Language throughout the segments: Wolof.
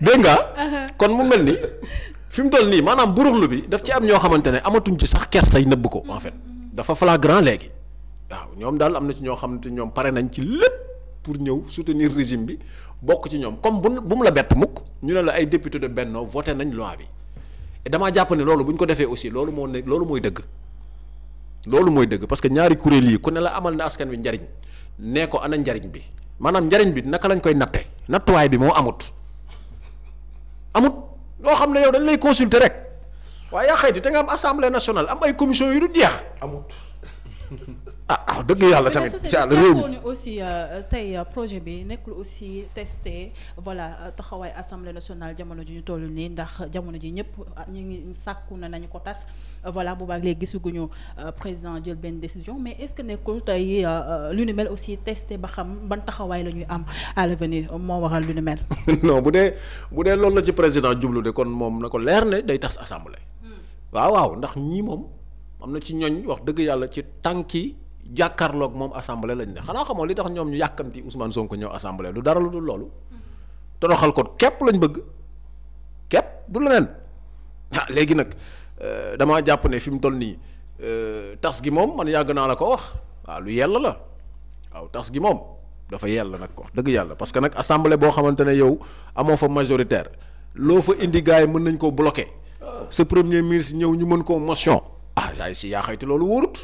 dégg nga uh-huh. kon mu mel ni fi mu toll nii maanaam buruxlu bi daf ci am ñoo xamante ne amatuñ ci sax kersay nëbb ko en fait dafa flagrant léegi waaw ñoom daal am na ci ñoo xamante ñoom pare nañ ci lépp pour ñëw soutenir régime bi bokk ci ñoom comme bu bu mu la bett mukk ñu ne la ay député de Benno voté nañ loi bi damaa jàpp ne loolu bu ñu ko defee aussi loolu moo ne loolu mooy dëgg loolu mooy dëgg parce que ñaari kuréel yi ku ne la amal na askan wi njariñ ne ko ana njariñ bi maanaam njariñ bi naka lañ koy natte nattuwaay bi moo amut amut loo xam ne yow dañ lay consulter rek waaye yaa xayti te nga am assemblée nationale am ay commission yu du jeex amut ah ah dëgg yàlla tamit ci àll réew mi euh, euh, projet bi nekkul aussi testé voilà euh, taxawaay assemblée nationale jamono ji ñu toll nii ndax jamono ji ñëpp ah, ñu ngi sàkku na nañu ko tas voilà boobaak léegi gisuguñu président jël benn décision mais est-ce que nekkul tey lu ni mel aussi testé ba xam ban taxawaay la ñuy am à l'avenir moo waral lu ni mel. non bu dee bu dee lool la ci président jublu de kon moom na ko leer ne day tas assemblée. Hmm. waaw waaw ndax ñii moom am na ci ñooñ wax dëgg jàkkaarloog moom assemblée lañ ne xanaa xamoo li tax ñoom ñu yàkkamti Ousmane Sonko ñëw assemblée du dara lu dul loolu toroxal ko képp lañu bëgg képp du la ah léegi nag euh, damaa jàpp ne fi mu toll nii euh, tas gi moom man yàgg naa la ko wax waaw ah, lu yell la waaw tas gi moom dafa yell nag wax dëgg yàlla parce que nag assemblée boo xamante ne yow amoo fa majoritaire loo fa indi gars yi mën nañ koo bloqué ah. sa premier ministre ñëw ñu mën koo motion ah saa si yaa loolu wóorut.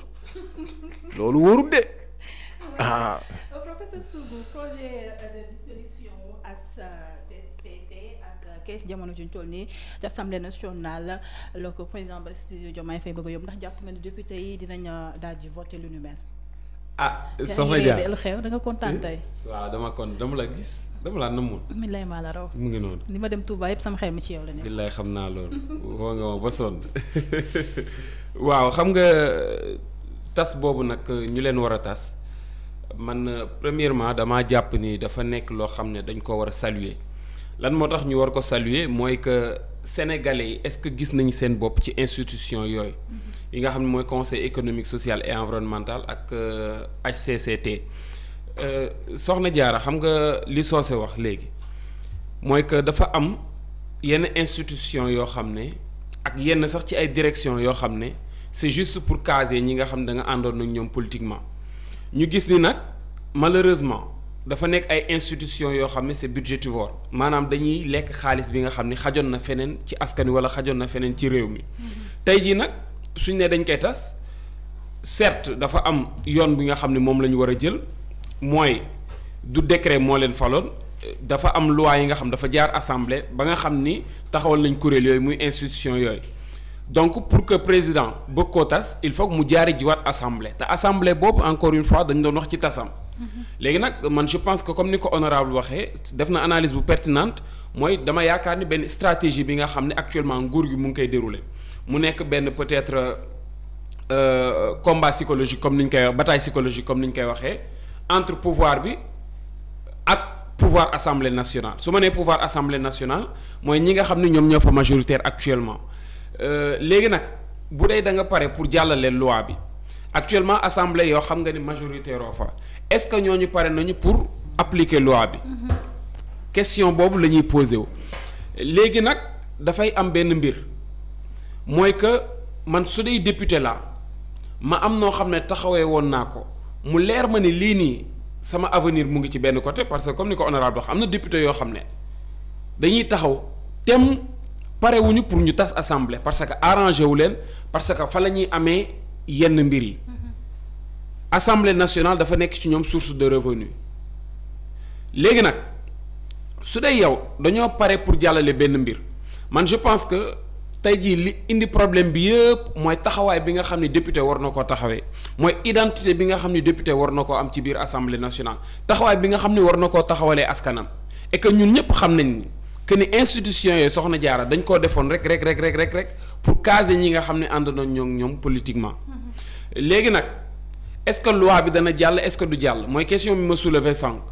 loolu wóorul de ah. ah. professeur Sougou projet euh, de dissolution HCCT ak kees euh, jamono juñ toll nii ci assemblée nationale la ko président Bassirou Diomaye Faye yóbbu ndax jàpp nga ni député yi dinañ euh, daal di voté lu nu mel. ah soxna Dia da xew da nga kontaan eh? tey. waaw dama kon dama la gis dama laa namoon. mi lay maa la raw. mu ngi noonu. li ma dem Touba yëpp sama xel mi ci yow la ne. billaay xam naa loolu. woo nga ma ba sonn waaw xam nga. tas boobu nag euh, ñu leen war a tas man euh, premièrement damaa jàpp nii dafa nekk loo xam ne dañ ko war a saluer lan moo tax ñu war ko saluer mooy que sénégalais yi est-ce que gis nañu seen bopp ci institution yooyu mm-hmm. yi nga xam ne mooy conseil économique social et environnemental ak HCCT euh, soxna jaara xam nga li soose wax léegi mooy que dafa am yenn institution yoo xam ne ak yenn sax ci ay direction yoo xam ne c'est juste pour caser ñi nga xam ne da nga àndoon ak ñoom politiquement ñu gis ni nag malheureusement dafa nekk ay institutions yoo xam ne c'est budgétivore maanaam dañuy lekk xaalis bi nga xam ne xajoon na feneen ci askan wi wala xajoon na feneen ci réew mi mm-hmm. tey jii nag suñ nee dañ koy tas certes dafa am yoon bi nga xam ne moom la ñu war a jël mooy du décret moo leen faloon dafa am loi yi nga xam dafa jaar assemblée ba nga xam ni taxawal nañ kuréel muy institution yooyu donc pour que président bëgg koo tas il faut mu jaari jiwaat assemblée te assemblée boobu encore une fois dañu doon wax ci tasam. Mhm. léegi nag man je pense que comme ni ko honorable waxee def na analyse bu pertinente mooy dama yaakaar ni benn stratégie bi nga xam ne actuellement nguur gi mu ngi koy dérouler mu nekk benn peut-être euh, euh combat psychologique comme ni ñu koy wax bataille psychologique comme ni ñu koy waxee entre pouvoir bi ak. pouvoir assemblée nationale su ma nee pouvoir assemblée nationale mooy ñi nga xam ne ñoom ñoo fa majoritaire actuellement Euh, léegi nag bu dee danga pare pour jàllaleen loi bi actuellement assemblée yoo xam nga ni majorité fa est-ce que ñooñu pare nañu pour appliquer loi bi mm-hmm. question boobu la ñuy posé wu léegi nag dafay am benn mbir mooy que man su dee député la ma am noo xam ne taxawee woon naa ko mu leer ma ni lii nii sama avenir mu ngi ci benn côté parce que comme ni ko honorable am na député yoo xam ne dañuy taxaw tem parewuñu pour ñu tas assemblée parce que arrangé wu leen parce que fa la ñuy amee yenn mbir yi assemblée nationale dafa nekk ci ñoom source de revenu léegi nag su dee yow dañoo pare pour jàllale benn mbir man je pense que tey jii li indi problème bi yëpp mooy taxawaay bi nga xam ni député war na koo taxawee mooy identité bi nga xam ni député war na ko am ci biir assemblée nationale taxawaay bi nga xam ni war na koo taxawalee askanam et que ñun ñëpp xam nañ que ni institution yooyu soxna jaara dañ koo defoon rek rek rek rek rek rek pour caser ñi nga xam ne ànd nañ ñoom ñoom politiquement. Mm-hmm. léegi nag est-ce que loi bi dana jàll est-ce que du jàll mooy question bi ma soulevé sànq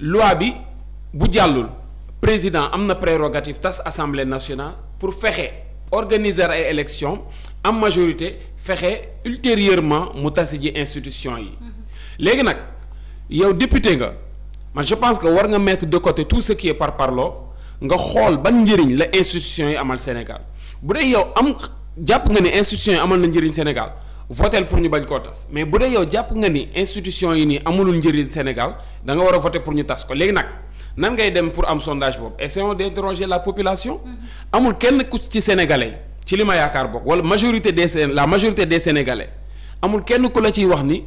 loi bi bu jàllul président am na prérogative tas assemblée nationale pour fexe organiser ay élections am majorité fexe ultérieurement mu tasi ji institution yi. Mm-hmm. léegi nag yow député nga man je pense que war nga mettre de côté tout ce qui est par parloo. nga xool ban njëriñ la institution yi amal Sénégal bu dee yow am jàpp nga ni institution yi amal na njëriñ Sénégal votel pour ñu bañ koo tas mais bu dee yow jàpp nga ni institution yi nii amulul njëriñ Sénégal da nga war a voter pour ñu tas ko léegi nag nan ngay dem pour am sondage boobu essayons d'interroger la population mm-hmm. amul kenn ku ci sénégalais ci li ma yaakaar bokk wala majorité des la majorité des sénégalais amul kenn ku la ciy wax ni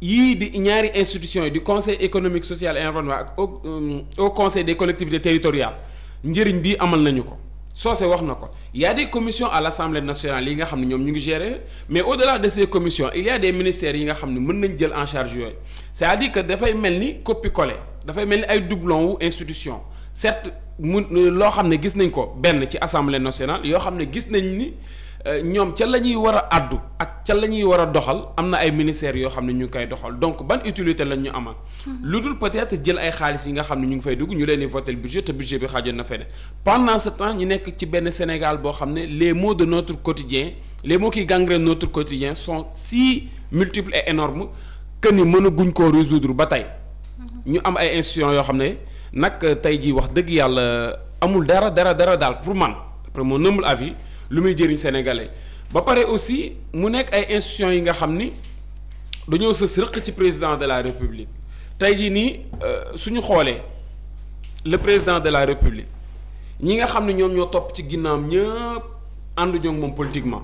yii di ñaari institutions yi conseil économique social et ak euh, au conseil des collectivités territoriales njëriñ bii amal nañu ko soose wax na ko y a des commissions à l'Assemblée nationale yi nga xam ne ñoom ñu ngi gérer mais au-delà de ces commissions il y a des ministères yi nga xam ne mën nañ jël en yooyu c'est-à-dire dafay mel ni copier-coller dafay mel ni ay doublon wu institution certes mu loo xam ne gis nañ ko benn ci Assemblée nationale yoo xam ne gis nañ ni Euh, ñoom ca la ñuy war a àddu ak ca la ñuy war a doxal am na ay ministères yoo xam ne ñu ngi koy doxal donc ban utilité lañ ñu amal. Hmm. lu dul peut-être jël ay xaalis yi nga xam ne ñu ngi fay dugg ñu leen di voter budget te budget bi xaajoon na feneen pendant ce temps ñu nekk ci benn Sénégal boo xam ne les maux de notre quotidien les maux qui gangrènent notre quotidien son si multiples et énormes que ni mënaguñ koo résoudre ba tey. Hmm. ñu am ay institutions yoo xam ne nag tey jii wax dëgg yàlla amul dara dara dara daal pour man après li muy jëriñ sénégalais ba pare aussi mu nekk ay institutions yi nga xam ni dañoo sës rëq ci président de la république tey jii nii euh, suñu xoolee le président de la république ñi nga xam ni ñoom ñoo topp ci ginnaam ñëpp ànd ñoom moom politiquement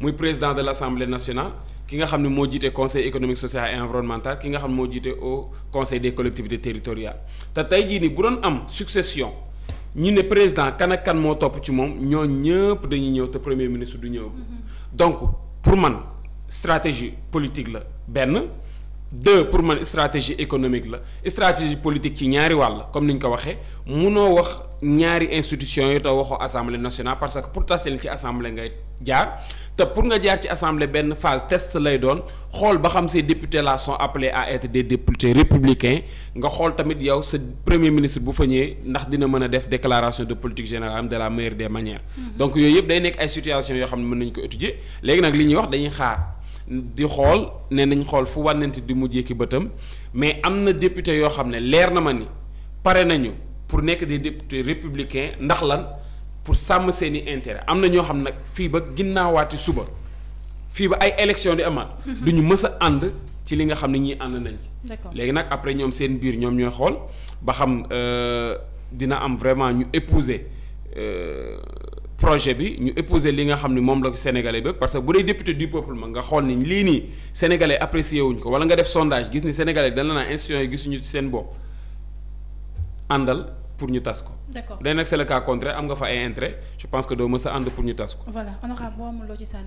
muy président de l' assemblée nationale ki nga xam ni moo jiite conseil économique social et ki nga xam ne moo jiite au conseil des collectivités territoriales te tey jii nii bu doon am succession. ñi ne président kan ak kan moo topp ci moom ñoo ñëpp dañuy ñëw te premier ministre du ñëw donc pour man stratégie politique la benn de pour man stratégie économique la stratégie politique ci ñaari wàll comme ni ñu ko waxee munoo wax ñaari institution yi te waxoo assemblée nationale parce que pour tasel ci assemblée ngay jaar te pour nga jaar ci assemblée benn phase test lay doon xool ba xam ces députés là sont appelés à être des députés républicains nga xool tamit yow sa premier ministre bu fa ñëwee ndax dina mën a def déclaration de politique générale de la meilleure des manières. Mm-hmm. donc yooyu yëpp day nekk ay situations yoo xam ne mën nañu ko étudier léegi nag li ñuy wax dañuy xaar di xool ne nañ xool fu wànnante di mu ki bëtam mais am na député yoo xam ne leer na ma ni pare nañu pour nekk des députés républicains ndax lan. pour sàmm seen i intérêt am na ñoo xam nag fii ba ginnaawaati suba fii ba ay élection di amaat. Mhm. du ñu mës a ànd ci li nga xam ne ñii ànd nañ ci. léegi nag après ñoom seen biir ñoom ñooy xool ba xam euh, dina am vraiment ñu épouser euh, projet bi ñu épouser li nga xam ne moom la sénégalais bëgg parce que bu dee député du peuple ma nga xool ni lii nii sénégalais apprécié wuñ ko wala nga def sondage gis ni sénégalais dana naa institution yi gisuñu seen bopp àndal. pour ñu tas ko. d'accord léegi nag c'est am nga fa ay je pense que doo mës ànd pour ñu tas ko. voilà honorable ci sànni